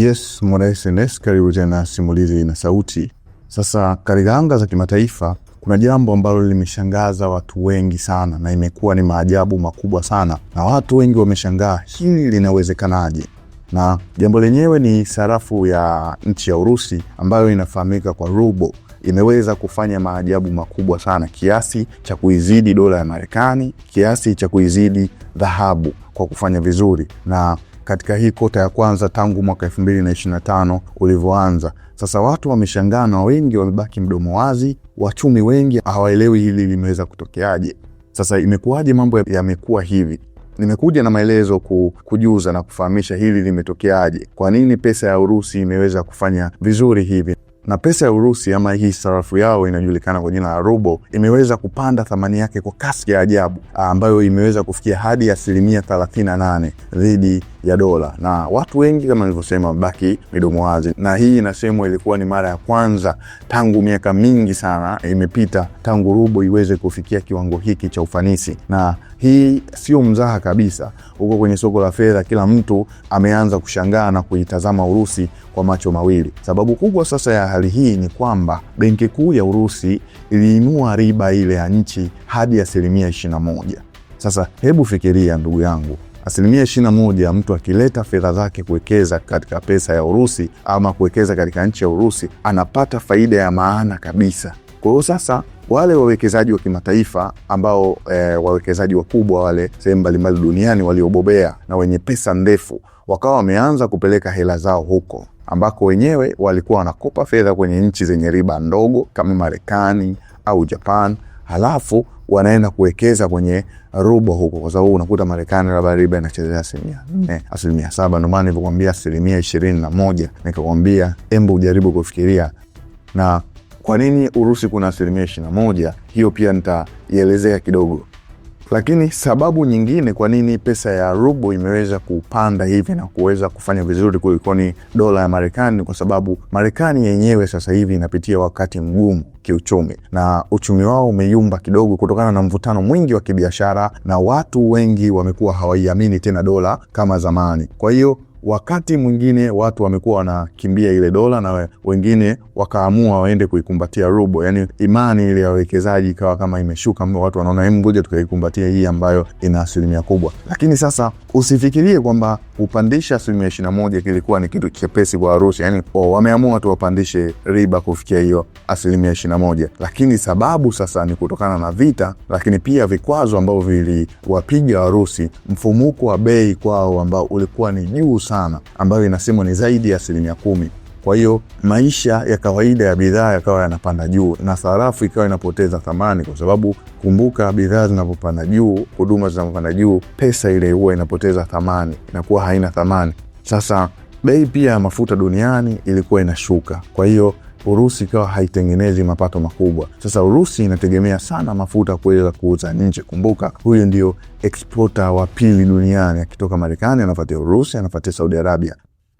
Yes, Mwanaesi Enes, karibu tena Simulizi na Sauti. Sasa katika anga za kimataifa kuna jambo ambalo limeshangaza watu wengi sana na imekuwa ni maajabu makubwa sana, na watu wengi wameshangaa hili linawezekanaje, na jambo lenyewe ni sarafu ya nchi ya Urusi ambayo inafahamika kwa rubo imeweza kufanya maajabu makubwa sana kiasi cha kuizidi dola ya Marekani, kiasi cha kuizidi dhahabu kwa kufanya vizuri na katika hii kota ya kwanza tangu mwaka 2025 ulivyoanza. Sasa watu wameshangaa na wengi wamebaki mdomo wazi, wachumi wengi hawaelewi hili limeweza kutokeaje. Sasa imekuwaje mambo yamekuwa hivi? Nimekuja na maelezo kujuza na kufahamisha hili limetokeaje, kwa nini pesa ya Urusi imeweza kufanya vizuri hivi na pesa ya Urusi ama hii sarafu yao inayojulikana kwa jina la rubo imeweza kupanda thamani yake kwa kasi ya ajabu ambayo imeweza kufikia hadi asilimia 38 dhidi ya dola, na watu wengi kama nilivyosema wamebaki midomo wazi, na hii inasemwa ilikuwa ni mara ya kwanza tangu miaka mingi sana imepita tangu rubo iweze kufikia kiwango hiki cha ufanisi, na hii sio mzaha kabisa. Huko kwenye soko la fedha, kila mtu ameanza kushangaa na kuitazama Urusi kwa macho mawili. Sababu kubwa sasa ya hali hii ni kwamba benki kuu ya Urusi iliinua riba ile ya nchi hadi asilimia 21. Sasa hebu fikiria ndugu yangu, Asilimia 21 na mtu akileta fedha zake kuwekeza katika pesa ya Urusi ama kuwekeza katika nchi ya Urusi anapata faida ya maana kabisa. Kwa hiyo sasa wale wawekezaji wa kimataifa ambao e, wawekezaji wakubwa wale sehemu mbalimbali duniani waliobobea na wenye pesa ndefu wakawa wameanza kupeleka hela zao huko ambako wenyewe walikuwa wanakopa fedha kwenye nchi zenye riba ndogo kama Marekani au Japan, halafu wanaenda kuwekeza kwenye rubo huko, kwa sababu unakuta Marekani labda riba inachezea asilimia nne, asilimia saba. ndo maana nilivyokwambia asilimia ishirini na moja nikakwambia embu ujaribu kufikiria na kwa nini Urusi kuna asilimia ishirini na moja. Hiyo pia nitaielezea kidogo lakini sababu nyingine kwa nini pesa ya rubo imeweza kupanda hivi na kuweza kufanya vizuri kulikoni dola ya Marekani kwa sababu Marekani yenyewe sasa hivi inapitia wakati mgumu kiuchumi, na uchumi wao umeyumba kidogo kutokana na mvutano mwingi wa kibiashara, na watu wengi wamekuwa hawaiamini tena dola kama zamani. Kwa hiyo wakati mwingine watu wamekuwa wanakimbia ile dola na wengine wakaamua waende kuikumbatia rubo, yani imani ile ya wawekezaji ikawa kama imeshuka, watu wanaona hem, ngoja tukaikumbatia hii ambayo ina asilimia kubwa. Lakini sasa usifikirie kwamba kupandisha asilimia ishirini na moja kilikuwa ni kitu chepesi kwa Arusha, yani oh, wameamua tu wapandishe riba kufikia hiyo asilimia ishirini na moja, lakini sababu sasa ni kutokana na vita, lakini pia vikwazo ambavyo viliwapiga Warusi, mfumuko wa bei kwao ambao ulikuwa ni juu sana, ambayo inasemwa ni zaidi ya asilimia kumi. Kwa hiyo maisha ya kawaida ya bidhaa yakawa yanapanda juu na sarafu ikawa inapoteza thamani, kwa sababu kumbuka, bidhaa zinapopanda juu, huduma zinapopanda juu, pesa ile huwa inapoteza thamani, inakuwa haina thamani. Sasa bei pia ya mafuta duniani ilikuwa inashuka, kwa hiyo Urusi ikawa haitengenezi mapato makubwa. Sasa Urusi inategemea sana mafuta kuweza kuuza nje. Kumbuka huyu ndio exporter wa pili duniani, akitoka Marekani anafuatia Urusi, anafuatia Saudi Arabia.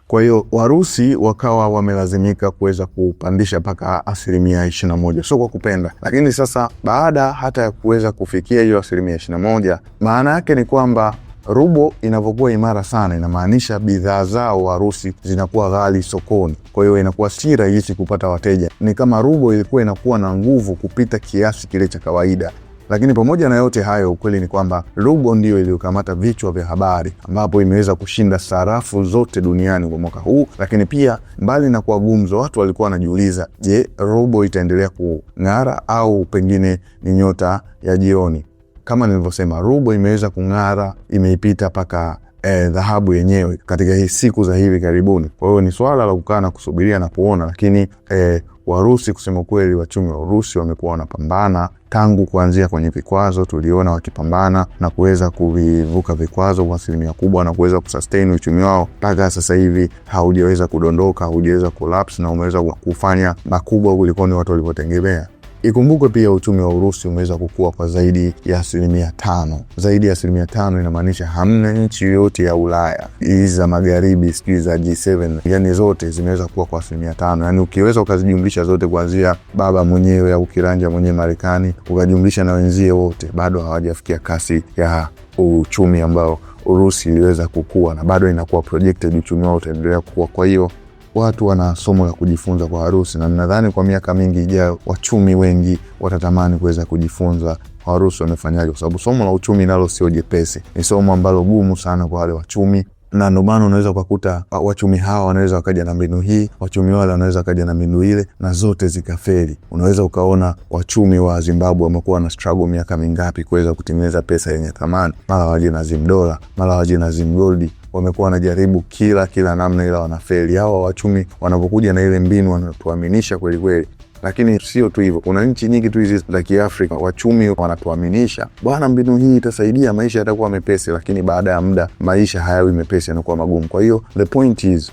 Kwa hiyo Warusi wakawa wamelazimika kuweza kupandisha mpaka asilimia ishirini na moja, sio kwa kupenda. Lakini sasa baada hata ya kuweza kufikia hiyo asilimia ishirini na moja, maana yake ni kwamba Rubo inavyokuwa imara sana, inamaanisha bidhaa zao Warusi zinakuwa ghali sokoni, kwa hiyo inakuwa si rahisi kupata wateja. Ni kama rubo ilikuwa inakuwa na nguvu kupita kiasi kile cha kawaida. Lakini pamoja na yote hayo, ukweli ni kwamba rubo ndiyo iliyokamata vichwa vya habari, ambapo imeweza kushinda sarafu zote duniani kwa mwaka huu. Lakini pia mbali na kuwa gumzo, watu walikuwa wanajiuliza, je, rubo itaendelea kung'ara au pengine ni nyota ya jioni? kama nilivyosema, rubo imeweza kung'ara, imeipita mpaka eh, dhahabu yenyewe katika hii siku za hivi karibuni. Kwa hiyo ni swala la kukaa na kusubiria na kuona, lakini e, Warusi kusema kweli, wachumi wa Urusi wamekuwa wanapambana tangu kuanzia kwenye vikwazo, tuliona wakipambana na kuweza kuvivuka vikwazo kwa asilimia kubwa na kuweza kusustain uchumi wao mpaka sasa hivi, haujaweza kudondoka, haujaweza collapse na umeweza kufanya makubwa kuliko ni watu walivyotegemea. Ikumbukwe pia uchumi wa Urusi umeweza kukua kwa zaidi ya asilimia tano. Zaidi ya asilimia tano inamaanisha hamna nchi yoyote ya Ulaya hii za magharibi, sijui za G7, yani zote zimeweza kuwa kwa asilimia tano. Yani ukiweza ukazijumlisha zote kuanzia baba mwenyewe au kiranja mwenyewe Marekani, ukajumlisha na wenzie wote, bado hawajafikia kasi ya uchumi ambao Urusi iliweza kukua, na bado inakuwa projected uchumi wao utaendelea kukua. Kwa hiyo watu wana somo la kujifunza kwa harusi, na nadhani kwa miaka mingi ijayo wachumi wengi watatamani kuweza kujifunza kwa harusi wamefanyaje, kwa sababu somo la uchumi nalo sio jepesi, ni somo ambalo gumu sana kwa wale wachumi na ndio maana unaweza ukakuta wachumi hawa wanaweza wakaja na mbinu hii, wachumi wale wanaweza wakaja na mbinu ile, na zote zikafeli. Unaweza ukaona wachumi wa Zimbabwe wamekuwa na struggle miaka mingapi kuweza kutengeneza pesa yenye thamani, mara waje na Zimdola, mara waje na Zimgoldi, wamekuwa wanajaribu kila kila namna, ila wanafeli. Hawa wachumi wanapokuja na ile mbinu wanatuaminisha kweli kweli lakini sio tu hivyo, kuna nchi nyingi tu hizi za Kiafrika, wachumi wanatuaminisha bwana, mbinu hii itasaidia, maisha yatakuwa mepesi, lakini baada ya muda maisha hayawi mepesi, yanakuwa magumu. Kwa hiyo the point is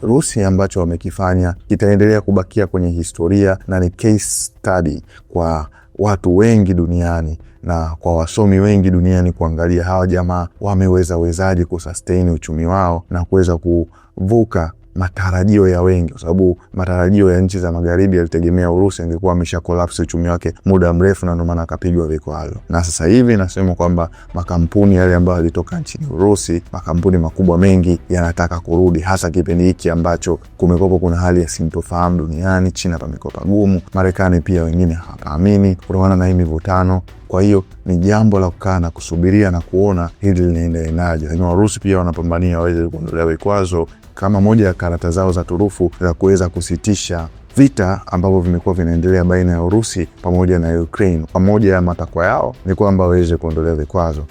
Warusi ambacho wamekifanya kitaendelea kubakia kwenye historia na ni case study kwa watu wengi duniani na kwa wasomi wengi duniani kuangalia hawa jamaa wameweza wezaje kusustain uchumi wao na kuweza kuvuka matarajio ya wengi, kwa sababu matarajio ya nchi za magharibi yalitegemea Urusi angekuwa amesha kolapsi uchumi wake muda mrefu, na ndio maana akapigwa vikwazo. Na sasa hivi nasema kwamba makampuni yale ambayo yalitoka nchini Urusi, makampuni makubwa mengi yanataka kurudi, hasa kipindi hiki ambacho kumekwepo kuna hali ya sintofahamu duniani. China pamekopa gumu, Marekani pia wengine hawapaamini kutokana na hii mivutano kwa hiyo ni jambo la kukaa na kusubiria na kuona hili linaendeleaje, lakini Warusi pia wanapambania waweze kuondolea vikwazo kama moja ya karata zao za turufu za kuweza kusitisha vita ambavyo vimekuwa vinaendelea baina ya Urusi pamoja na Ukraine. Pamoja ya matakwa yao ni kwamba waweze kuondolea vikwazo.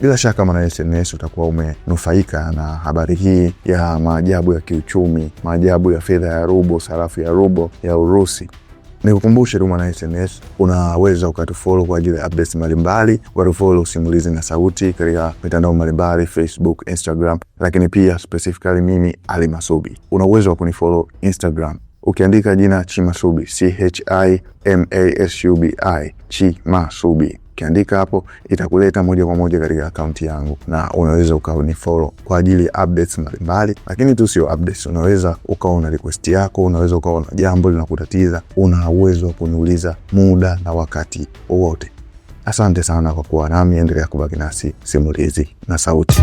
Bila shaka mwana SNS utakuwa umenufaika na habari hii ya maajabu ya kiuchumi, maajabu ya fedha ya rubo, sarafu ya rubo ya Urusi. Nikukumbushe tu mwana SMS, unaweza ukatufollow kwa ajili ya updates mbalimbali, ukatufollow Simulizi na Sauti katika mitandao mbalimbali Facebook, Instagram, lakini pia specifically mimi Ali Masubi. Una uwezo wa kunifollow Instagram ukiandika jina Chimasubi, C H I M A S U B I, Chimasubi. Ukiandika hapo itakuleta moja kwa moja katika akaunti yangu, na unaweza ukanifollow kwa ajili ya updates mbalimbali, lakini tu sio updates. Unaweza ukawa una request yako, unaweza ukawa na jambo linakutatiza, una uwezo wa kuniuliza muda na wakati wowote. Asante sana kwa kuwa nami, endelea kubaki nasi, simulizi na sauti.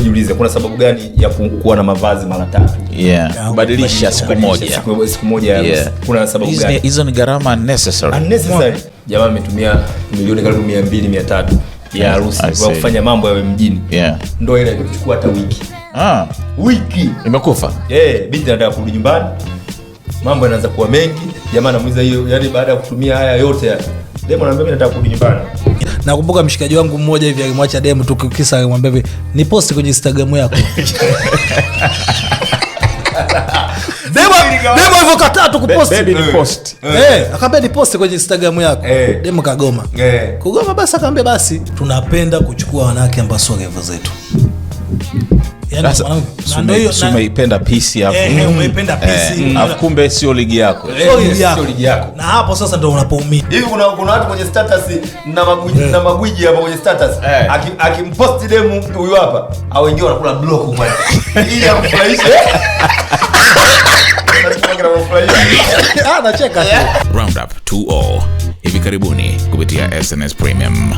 wewe kuna sababu gani ya kuwa na mavazi mara tatu? Yeah, kubadilisha siku moja, siku moja, kuna sababu gani? Hizo ni gharama unnecessary, unnecessary. Jamaa ametumia milioni karibu 200 300 ya harusi kwa kufanya mambo yawe mjini. Yeah, ndio ile kuchukua hata wiki. Ah, wiki imekufa. Eh, binti anataka kurudi nyumbani, mambo yanaanza kuwa mengi. Jamaa anamuuliza hiyo, yani baada ya kutumia haya yote, demo anaambia mimi nataka kurudi nyumbani Nakumbuka mshikaji wangu mmoja hivi alimwacha demu tukikisa, alimwambia hivi ni posti kwenye Instagram yako demu eh. Eh, eh. kwenye Instagram yako kagoma basi, akaambia basi tunapenda kuchukua wanawake ambao sio revo zetu Yaani umeipenda pisi eh, mm. eh, mm. kumbe sio ligi yako na hapo sasa ndo unapoumia hivi kuna watu kwenye status na magwiji eh. na magwiji hapa kwenye status akimpost demu huyu hapa au wengine wanakula block bwana ili amfurahishe anacheka ah, round up 2 hivi karibuni kupitia SNS Premium